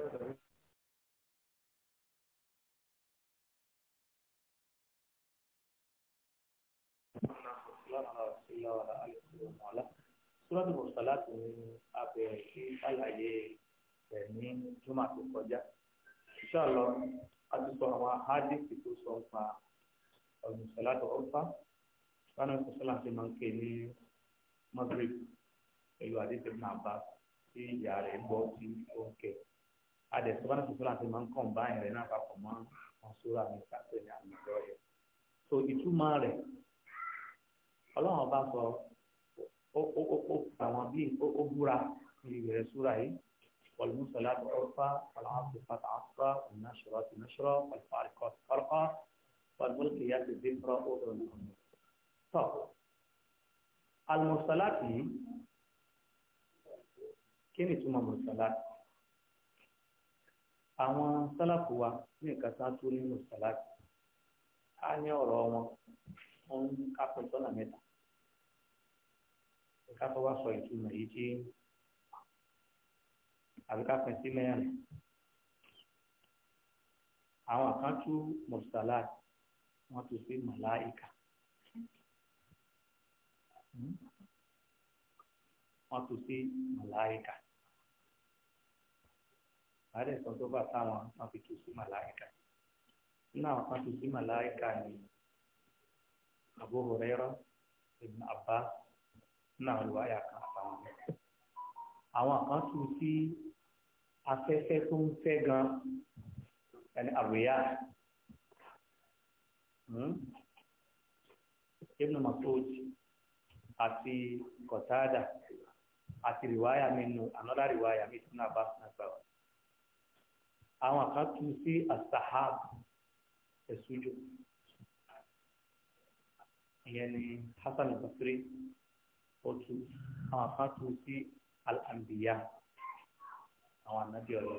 further Súrọ́dù Mùsùlùmí ni a bẹ̀rẹ̀ sí àlàyé rẹ̀ ní Júmà tó kọjá. Ìṣàlọ́ a ti sọ àwọn àádìsì tó sọ nípa Mùsùlùmí tó ọ̀fà. Báná Mùsùlùmí ti máa ń ké ní Mọ́gírì pẹ̀lú àdìsì náà tí ìyá rẹ̀ gbọ́ sí òǹkẹ́ adẹ̀ sọ́kànnà tuntun àti máa ń kàn bá ẹ̀rẹ̀ náà papọ̀ mọ́ wọn sóra ní sàkóso ní àmì ìjọ rẹ̀ so ìtumọ̀ rẹ̀ ọlọ́run ọba sọ ó àwọn bíi ó búra níbi ìbẹ̀rẹ̀ sóra yìí wàlúùsọ̀lá àbúrọ̀fà wàlúùsọ̀lá àbúrọ̀fà àfúrà ònàṣọ̀rọ̀ tìǹṣọ̀rọ̀ wàlúùfàrìkọ̀ tìkọ̀rọ̀ wàlúùkì yá ti dìbò ọ̀rọ̀ nìkan tọ́ alùmọ̀sálàtì kí ni ìtumọ̀ mọ̀sálàtì àwọn sálàkù wa ní ìkàtà tó nínú sàlákì á ní ọ̀rọ̀ wọn wọn ń kápẹ́ sọ́nà mẹ́ta ká tó wá sọ ìtumọ̀ yìí tí àbí ká pín sí mẹ́rin àwọn kan tú mursalat wọ́n tún sí màláìka hmm? wọ́n tún sí àárẹ̀ kan tó bá táwọn wọn fi tù sí màláìka nínú àwọn kan tù sí màláìka ni Abu Hurairah Ibn Abbas nínú àwọn olùwáyà kan àtàwọn mẹ́rin àwọn kan tù sí afẹ́fẹ́ tó ń fẹ́ gan ẹni àríyá Ibn Mas'ud àti Qatada àti rìwáyà mi nù anọ́dá rìwáyà mi tún náà bá sinapẹ́ àwọn àkàtú sí asahab ẹ̀sùjò ìyẹn ni hasan al-basri otu àwọn àkàtú sí al-anbiya àwọn anabi ọlọ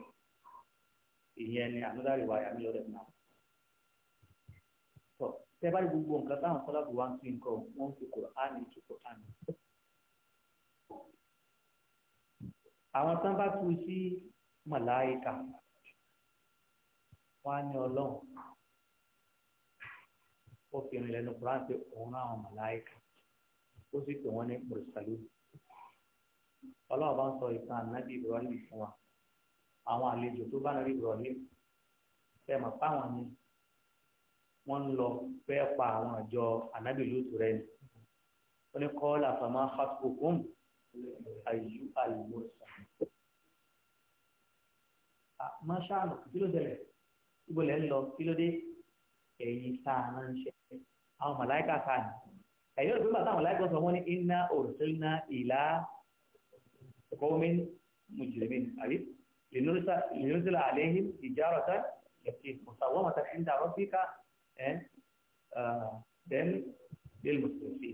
ìyẹn ni another riwaya mi lọ́dọ̀ náà tọ́ tẹ́ bá rí gbogbo nǹkan táwọn kọ́lábù wá ń fi nǹkan wọ́n fi Kùránì tu Kùránì. àwọn tán bá tu sí màláìka wọn á ní ọlọ́run ó fi rìn lẹ́nu kúrán pé òun náà àwọn màláìka ó sì pè wọ́n ní mùsùlùmí ọlọ́run bá ń sọ ìtàn ànábì Ibrahim fún wa àwọn àlejò tó bá nàbí Ibrahim fẹ́ mọ̀ fáwọn ni wọ́n ń lọ fẹ́ pa àwọn àjọ ànábì lóòtú rẹ̀ ni ó ní kọ́ọ́lá fàmà hàtùkùn àyù àlùmọ́sà. máṣáàlù kí ló dẹ̀lẹ̀? gbogbo lẹ́ ń lọ kí ló dé ẹ̀yin tá a máa ń ṣe àwọn màláìka ká ní ẹ̀yin ò gbígbà táwọn màláìka sọ wọ́n ní iná òrùsẹ́lẹ́nà ìlà ọkọ̀wọ́mí mùjìrìmí àbí lìnúrísílà àléhìn ìjárọ̀tà ẹ̀kí mùsàwọ́ mọ̀tà sí ń dàrọ́ sí ká ẹ̀ then lil mùsùlùmí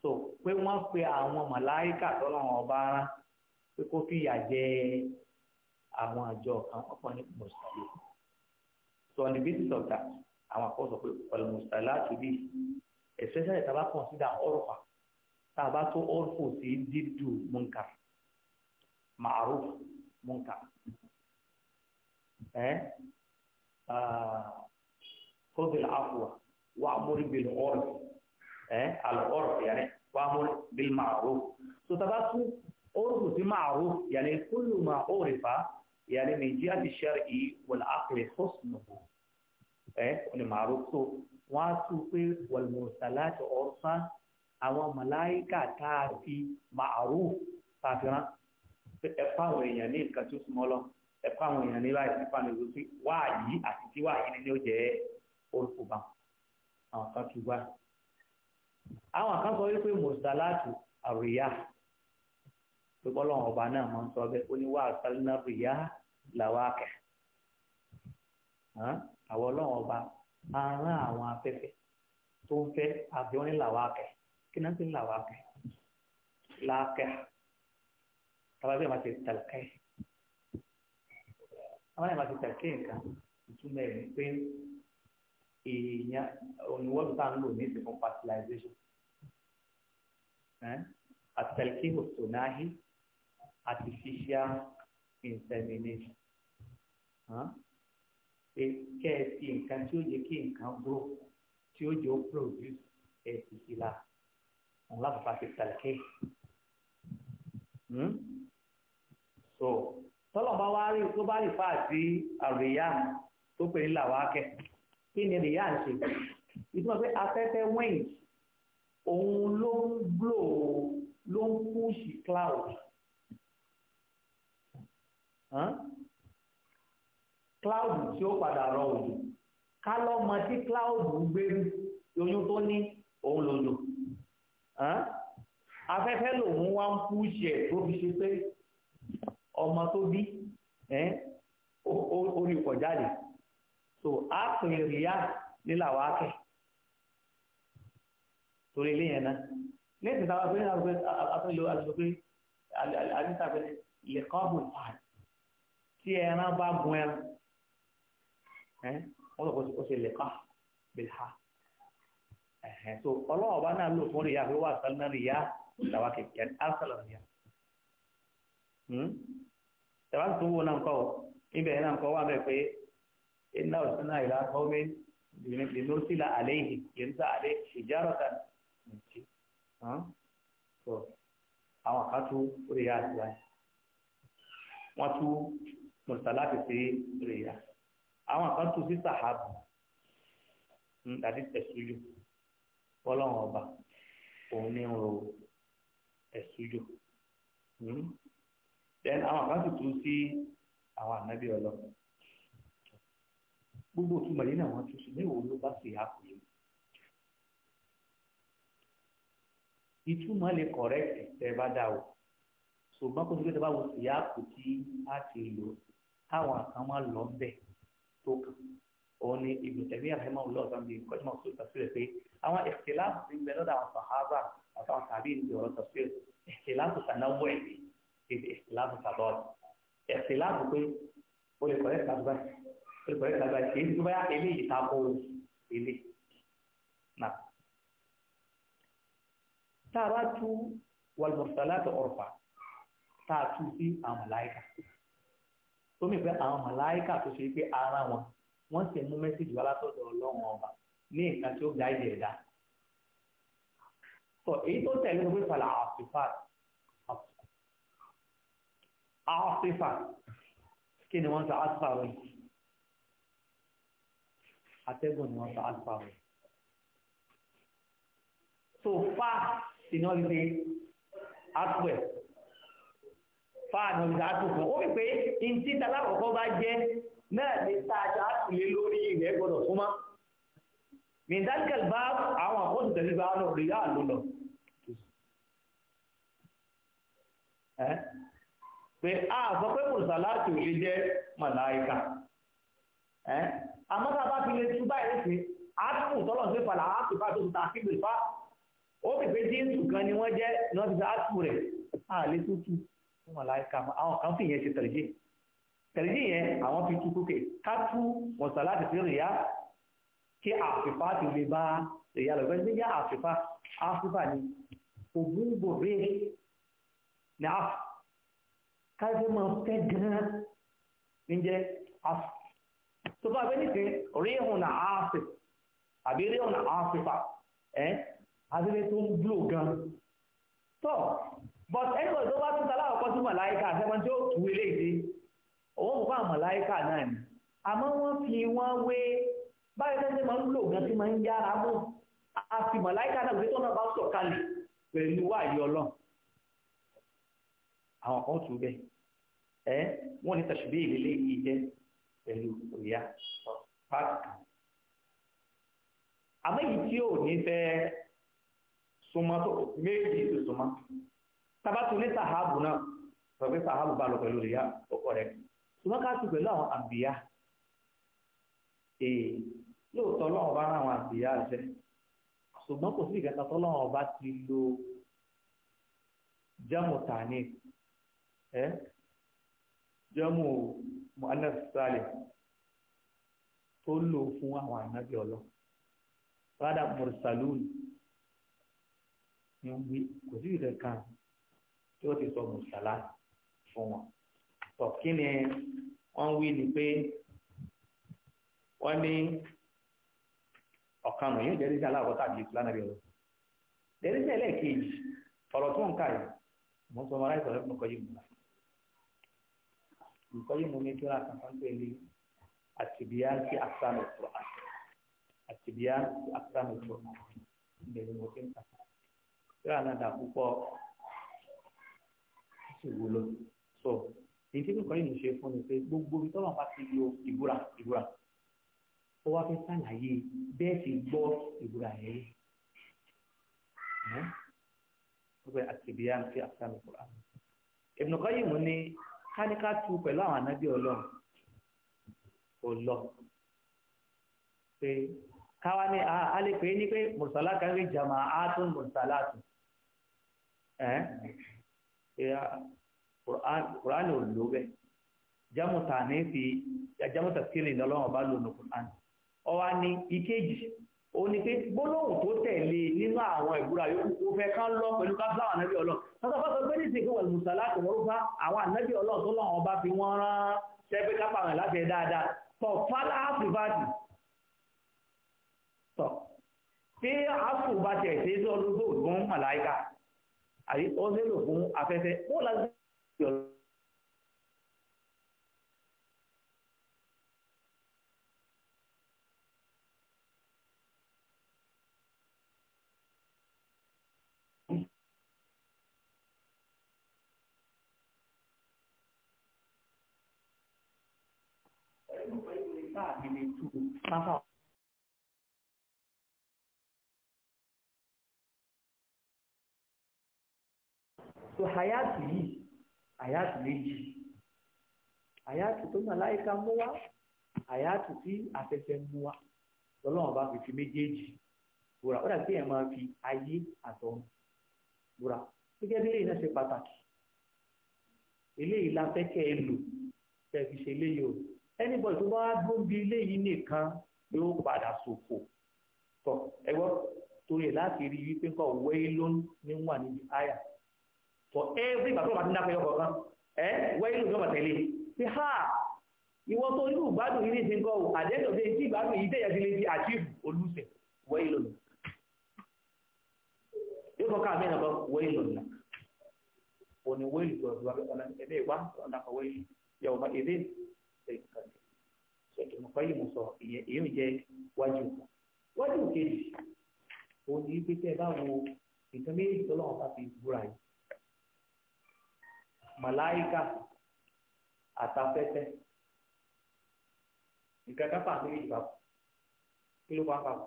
so pé wọ́n pe àwọn màláìka tọ́lọ́wọ́n ọba rán pé kó fìyà jẹ àwọn àjọ kan ọkùnrin mùsùlùmí sọ̀ni bí sọ̀tà àwọn àkọ́ sọ pé ọ̀lùmùsà láti bí especially tá a bá consider ọ̀rọ̀fà tá a bá tó ọ̀rọ̀fò sí dídù múnkà ma'ruf múnkà ẹ́ eh? ah, kóbìlì àfùwà wà á múrí bìlì ọ̀rọ̀ eh? ẹ́ àlọ́ọ̀rọ̀ yẹn wà á múrí bìlì ma'ruf so tá a bá tó ọ̀rọ̀fò sí ma'ruf yẹn kúlù mà ọ̀rẹ́fà. يعني من جهة الشرع والعقل حسنه إيه والمعروف wọ́n á tún pé wọ̀lmọ̀sálàtì ọ̀sán àwọn màláìkà tá a fi màrú fàfihàn ẹ̀fọ́ àwọn èèyàn ní nǹkan tó súnmọ́ lọ ẹ̀fọ́ àwọn èèyàn ní báyìí nípa ní ìlú sí wáàyí àti tí wáàyí ni ó jẹ́ orúkọ àwọn kan tún gbá. àwọn kan wípé mọ̀sálàtì àríyá pé bọ́lọ́run ọba náà máa ń sọ bẹ́ẹ̀ ó ní wà sálínàbù yá làwákẹ́ àwọn ọlọ́run ọba máa ń rán àwọn afẹ́fẹ́ tó ń fẹ́ àbí wọ́n ní làwákẹ́ kí náà ti ń làwákẹ́ láàkẹ́ tàbí àbí àti tàlùkẹ́ àwọn àbí àti tàlùkẹ́ nǹkan ìtumọ̀ ẹ̀ ni pé èèyàn òníwọ́lù tá à ń lò ní ìsìnkú fertilization àti tàlùkẹ́ òsònáhì artificial insemination pé kẹ́ ẹ fi nǹkan tí ó yẹ kí nǹkan grow tí ó jẹ́ produce ẹ ti fi la òun láfàfà ti tàlẹ́kẹ́. so tọ́lọ̀ bá wá rí tó bá rí fà sí àríyàn tó pè ní làwákẹ́ kí ni ríyàn ṣe ìtumọ̀ pé afẹ́fẹ́ wings òun ló ń blow ló ń push cloud cloud tí ó padà rọ òjò ká lọ́mọ tí cloud gbérú oyún tó ní òun lòjò afẹ́fẹ́ lòun wá ń kú ṣẹ̀ tó fi ṣe pé ọmọ tó bí orí ọkọ̀ jáde so a pè ríà níláwọ̀ akẹ́ torí ilé yẹn náà lẹ́sìn táwọn afẹ́fẹ́ àti àti àti àti àti àti àti àti àti àti àti àti àti àti àti tí ẹran bá gun ẹran wọ́n sọ pé ó ṣe lè ká bèèrè ha so ọlọ́wọ́ bá náà lò fún rìyá pé wà sálẹ̀ rìyá tàwa kẹ̀kẹ́ àṣàlọ̀ rìyá tàwa tó wò náà kọ́ ibẹ̀ náà kọ́ wà bẹ́ẹ̀ pé iná òsín náà ìlà kọ́ mi lèmi sí la àlẹ́ yìí yẹn sá àlẹ́ ìjárọ̀ ta nìyí so àwọn kan tó rìyá àti wáyé wọ́n tún mùsàláàtì sí rèéyà àwọn kan tún sí sàhábù dàdí hmm, ẹ̀sùjò fọlọ́run ọba òun ní ń ro ẹ̀sùjò hmm. then àwọn kan sì tún sí àwọn ànábì ọlọ gbogbo òtún mọ̀lẹ́ náà wọ́n tún sí mẹ́wàá ló bá sì hàpù yìí ìtumọ̀ lè correct tẹ́ bá dà o ṣùgbọ́n kó tó gbé tẹ́ bá wo sì hàpù tí a ti lò ó káwọn kan máa lọ bẹ̀ tó kàn òun ni ìgbìntẹ̀mí àhẹ́mọ́ ọlọ́ọ̀tàn bíi kọ́jú máa sọ̀rọ̀ tàbí pé àwọn ìṣẹ̀láàbù ti ń bẹ lọ́dọ̀ àwọn sàhábà àtàwọn tàbí ìdí ọ̀rọ̀ tàbí ìṣẹ̀láàbù tànáwọ̀ ẹ̀ ìṣe ìṣẹ̀láàbù tàbọ̀ọ̀lù ìṣẹ̀láàbù pé o lè kọ̀rẹ́ tàbí o lè kọ̀rẹ́ tàbí kì í tó báyà eléyìí tako ilé náà. tá a bá tú wàlùmọ̀sálà tó ọ̀rọ̀ pa tá a tú sí àwọn láìka tó mì pé àwọn màláìkà tó ṣe pé ara wọn wọ́n sì mú mẹ́sìgì wá látọ̀dọ̀ ọlọ́run ọba ní nǹkan tí ó ga ìdè ẹ̀dá sọ èyí tó tẹ̀lé ló pé fàlà àṣìfà àṣìfà kí ni wọ́n sọ àṣìfà rẹ̀ atẹ́gùn ni wọ́n sọ àṣìfà rẹ̀ so fà sí náà lè àṣìfà fáànù ìdáàtò kan ó fi pé ntí talákọ̀ọ́kọ́ bá jẹ́ náà lè ta àjọ àtìlé lórí ilẹ̀ gbọ́dọ̀ fún mọ́ mìdáríkà bá àwọn àkóso tẹ̀lé bá wọn rí yá ló lọ pé a sọ pé kòrìsà láti òye jẹ́ màláìka àmọ́ tá a bá fi lè tú báyìí sí átùmù tọ́lọ̀ sí falà átùmù tó ta kí lè fa ó fi pé jíǹsù kan ni wọ́n jẹ́ ní ti fi átùmù rẹ̀ àlétútù fún màláìka àwọn kan fi yẹn ṣe tẹ̀lẹ́jì tẹ̀lẹ́jì yẹn àwọn fi tú kókè ká tú wọ̀sán láti fi rìyá kí àfìfá ti lè bá rìyá lọ fẹ́ gbéyà àfìfá àfìfá ni ògùn gbòòrè ní àf káyọ̀fẹ́ máa fẹ́ gan-an ní jẹ́ àf tó bá fẹ́ nìkan ríhùn nà áfì àbí ríhùn nà áfìfà ẹ́ adílé tó ń blò gan-an but anybody tó bá tún ta láwọ̀kọ́ sí màláíkà sẹ́wọ́n tí ó tù ú eléyìí òun kò bá màláíkà náà ni àmọ́ wọ́n fi wọ́n wé báyọ̀ tẹ́sẹ̀ máa ń lò gan tí máa ń yára mọ́ a fi màláíkà náà gbé tó náà bá sọ̀kalẹ̀ pẹ̀lú wáyé ọlọ́run àwọn kan tù bẹ́ẹ̀ ẹ́ wọ́n ní tàṣìbí ìlélẹ́ yìí jẹ́ pẹ̀lú òyà pàtàkì àmọ́ èyí tí ò ní fẹ́ súnmọ́ tó méjì tó súnmọ́ tabatu ní sahabu náà sọ sahabu bá lọ pẹ̀lú ìyá ọkọ rẹ̀ ṣùgbọ́n ká sì pẹ̀lú àwọn àbíyá ee lóòótọ́ lọ́wọ́ bá rán àwọn àbíyá ṣẹ ṣùgbọ́n kò sí ìgbàta tó lọ́wọ́ bá ti lo jamu tani ẹ jamu mu'annas salih tó lò fún àwọn ànábì ọlọ́ rádà mursalun ni wọ́n gbé kò sí ìrẹ̀kan tí ó ti sọ mùsàlá fún wọn tọ kí ni wọn wí ni pé wọn ní ọ̀kan nù yóò jẹrìí sí aláwọ tàbí ìtura náà bí ọ̀rọ̀ jẹrìí sí ẹlẹ́ẹ̀kejì ọ̀rọ̀ tó ń kà yìí mo ń sọ ọmọ aláìsàn lọ́pọ̀ nǹkan yìí mú nǹkan yìí mú mi tó láti kan pé ní àtìbíyá sí àṣàmì ìfọ̀ àtìbíyá sí àṣàmì ìfọ̀ ìgbẹ̀rù mo ti ń kà ìwò lọ sọ èyí tí nǹkan yìí ń ṣe fún mi pé gbogbo ibi tọ́lọ̀ bá ti lo ìbúra ìbúra ó wá fẹ́ sàlàyé bẹ́ẹ̀ sì gbọ́ ìbúra yẹn ó fẹ́ àtìbíyá ti àtàmì kura Ibn Qayyim mú ní káníká tu pẹ̀lú àwọn anábì ọlọ́run kò lọ pé káwa ní ah, a lè pè é ní pé mùsàlá kan rí jàmá'atun mùsàlá tún ẹ́ Kùránì ò lò bẹ́ẹ̀ jámù tàní fi jámù tàkìrì lọ́lọ́wọ́n bá lò ní Kùránì ọwá ní ìkejì ó ní pé gbólóhùn tó tẹ̀lé nínú àwọn ìbúra yóò kó fẹ́ kán lọ pẹ̀lú kábíláwà ànábì ọlọ́run sọ́sọ́fọ́sọ́ pé ní ìsìnkú wọ̀lú mùsàlá kò wọ́n fi wọ́n rán ṣẹ́gbẹ́ kápá rẹ̀ àbí ó lérò fún afẹ́fẹ́ bó láti ṣe ọ̀rọ̀. Thank so hayati yìí hayati méjì hayati tó màláìka mú wá hayati tí afẹ́fẹ́ mú wá lọ́lọ́wọ́n bá fi fi méjèèjì búra ó dàbí èèyàn máa fi ayé àtọ̀run búra gẹ́gẹ́ bí eléyìí náà ṣe pàtàkì eléyìí la fẹ́ kẹ́ ẹ lò kẹ́ ẹ fi ṣe eléyìí o anybody tó bá gbóbi eléyìí nìkan yóò padà ṣòfò tọ ẹgbọ́ torí ẹ̀ láti rí wípé nǹkan òwe ló ń wà níbi àyà for every ìgbà tó bá ti ń dákẹ́ ọkọ̀ kan ẹ́ wẹ́yìn ló jọba tẹ̀lé pé ha ìwọ tó irú ìgbádùn yìí ní ìsìnkọ́ ò àdéhùn ọ̀dẹ́ tí ìgbádùn yìí tẹ̀yà ti lè achieve olùsẹ̀ wẹ́yìn lòdì yóò kọ́ káàmì ìnàbọ̀ wẹ́yìn lòdì náà òní wẹ́yìn lòdì ọ̀dọ̀ ẹ̀dẹ́ ìwá ọ̀dàkọ̀ wẹ́yìn yàwó bá èdè ṣèkì mọ̀kọ́ yìí mo sọ èyí jẹ́ wájú wájú kejì òní pé tẹ́ bá wo nǹkan méjì tó lọ́wọ́ bá màláìka àtafẹ́fẹ́ nǹkan kápá àtúnyẹ ìgbà kí ló bá ń kàwé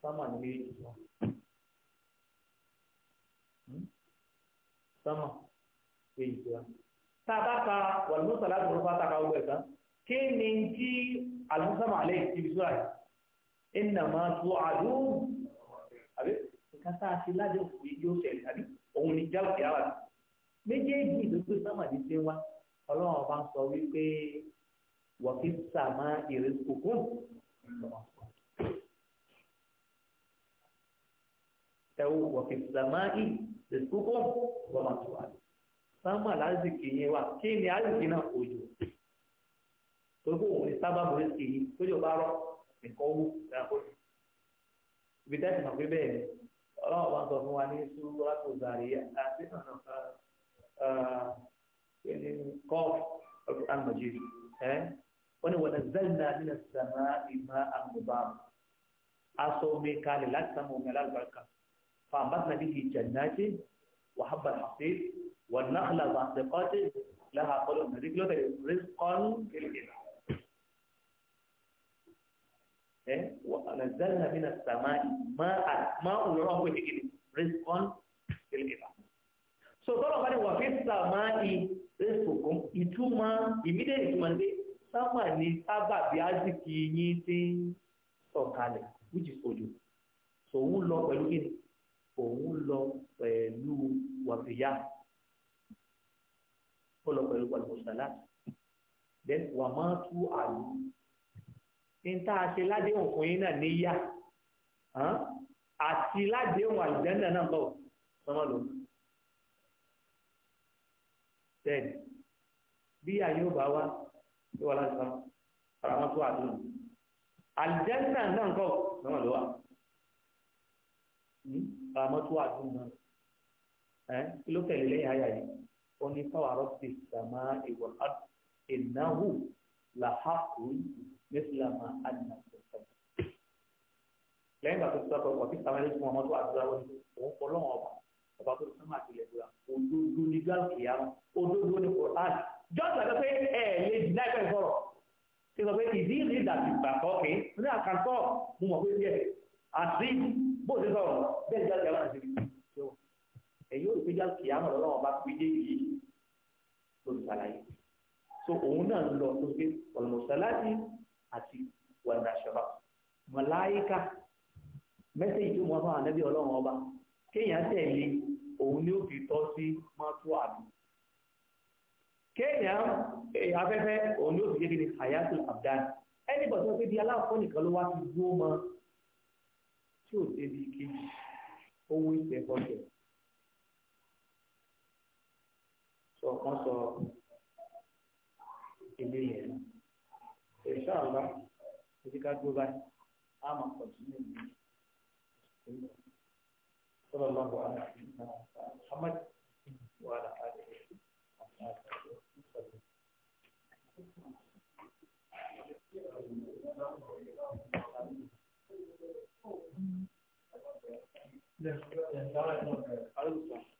sámà ní méjì sọ hmm? sámà méjì sọ tá a bá ka wàlúùsà láti rúfa tá a ka wọlé ẹ̀sán kí ni tí àlùmọ́sàmà àlẹ́ ìtìbí sọ́ra yìí ẹnìnàmọ́ tó àdúró àbí nǹkan tá a ti lájọ òfin yóò ṣẹlẹ̀ àbí òun ni jáwèé yàrá méjèèjì ìdókòwò sàmàdí ti wá ọlọ́run ọba ń sọ wípé wọ́kí sàmà ìrẹsì kòkó ẹ̀wù wọ́kí sàmà ìrẹsì kòkó wọ́n ti wá sàmà lásìkò yẹn wá kí ni àlùkì náà òjò gbogbo òun ni sábà bọ̀ ẹ́sì yìí tó yóò rọ nǹkan owó ìdáàbò ibi dáìsì náà pé bẹ́ẹ̀ ni. ọlọ́run bá ń sọ fún wa ní súrọ́tò zaria àti ọ̀nà kọ́ọ̀f al-majid ẹ́ wọ́n ní wọ́n zẹ́lá nílẹ̀ sàmà ìmá àmúbá aṣọ omi kalẹ̀ láti sàmà omi alágbàkà فأنبتنا به جنات وحب الحصيد والنخل بعد قاتل لها قلوب رزقا للإله ẹ wọ́n zanna mi na sàmá má a má òwúrọ̀ ọ̀pọ̀ ìdíkìlì rìskọ́n kìlìkìlà. so tọ́lọ̀ bá ní wà fi sàmá i rìskọ́n ìtumọ̀ ìmídẹ́ ìtumọ̀ ní sámà ní sábà bí a sì kì í yín sí sọ̀kalẹ̀ which is òjò so òun lọ pẹ̀lú kí ni òun lọ pẹ̀lú wàfíyà ó lọ pẹ̀lú wàlúwọ̀sálà then wàmátú àlù ní tá a ṣe ládéhùn fún yín náà níyà àti ládéhùn àlùjẹ́ńdà náà bọ̀ sọmọ lò. bẹ́ẹ̀ni bí àyè ò bá wá tó wà láti sọ ara wọn tó àdúrà àlùjẹ́ńdà náà bọ̀ sọmọ lò hmm? wà ara wọn tó àdúrà ẹ ló tẹ̀lé lẹ́yìn àyà yìí ó fáwọn arọ́pì sàmá ìwọ̀n ìnáwó làhàkùn mẹsìlámà àdìmọ̀tò lẹ́yìn ìgbà tó sọ pé wàbí sàmẹ́lì fún ọmọ tó àdúrà wọn ni òun kọ lọ́wọ́ ọba ọba tó sọ máa tilẹ̀ dúra òdodo ní gáàsì yà wọn òdodo ní Quran jọ́sìn àti pé ẹ̀ lè dì náà ìfẹ́ sọ̀rọ̀ ṣe sọ pé ìdí ìdí ìdàgbì gbà kọ́ kí ní àkàntọ́ mo mọ̀ pé díẹ̀ àti bó ti sọ̀rọ̀ bẹ́ẹ̀ gáàsì yà wọn àti ẹ̀yìn òrùpé gáàsì yà wọn lọ́wọ́ ọba fi dé yìí lórí sàlàyé so òun náà lọ tó gbé àti wàdà ṣọba màláyíká mẹ́sẹ̀jì tó mọ́ fún ànábì ọlọ́run ọba kéèyàn tẹ̀lé òun ni ó fi tọ́ sí mọ́tò àbí kéèyàn e, afẹ́fẹ́ òun ni ó fi jẹ́ hayatul abdan ẹni bọ̀ tó fẹ́ di aláàfọ́ nìkan ló wá ti dúró mọ́ tí ò débi kejì owó ìfẹ́ kọ́kẹ́ sọ kan sọ ilé yẹn insha Allah ibi ká dúró báyìí á máa pọ̀ sí ní ìlú صلى الله على سيدنا محمد وعلى آله وصحبه وسلم Yeah.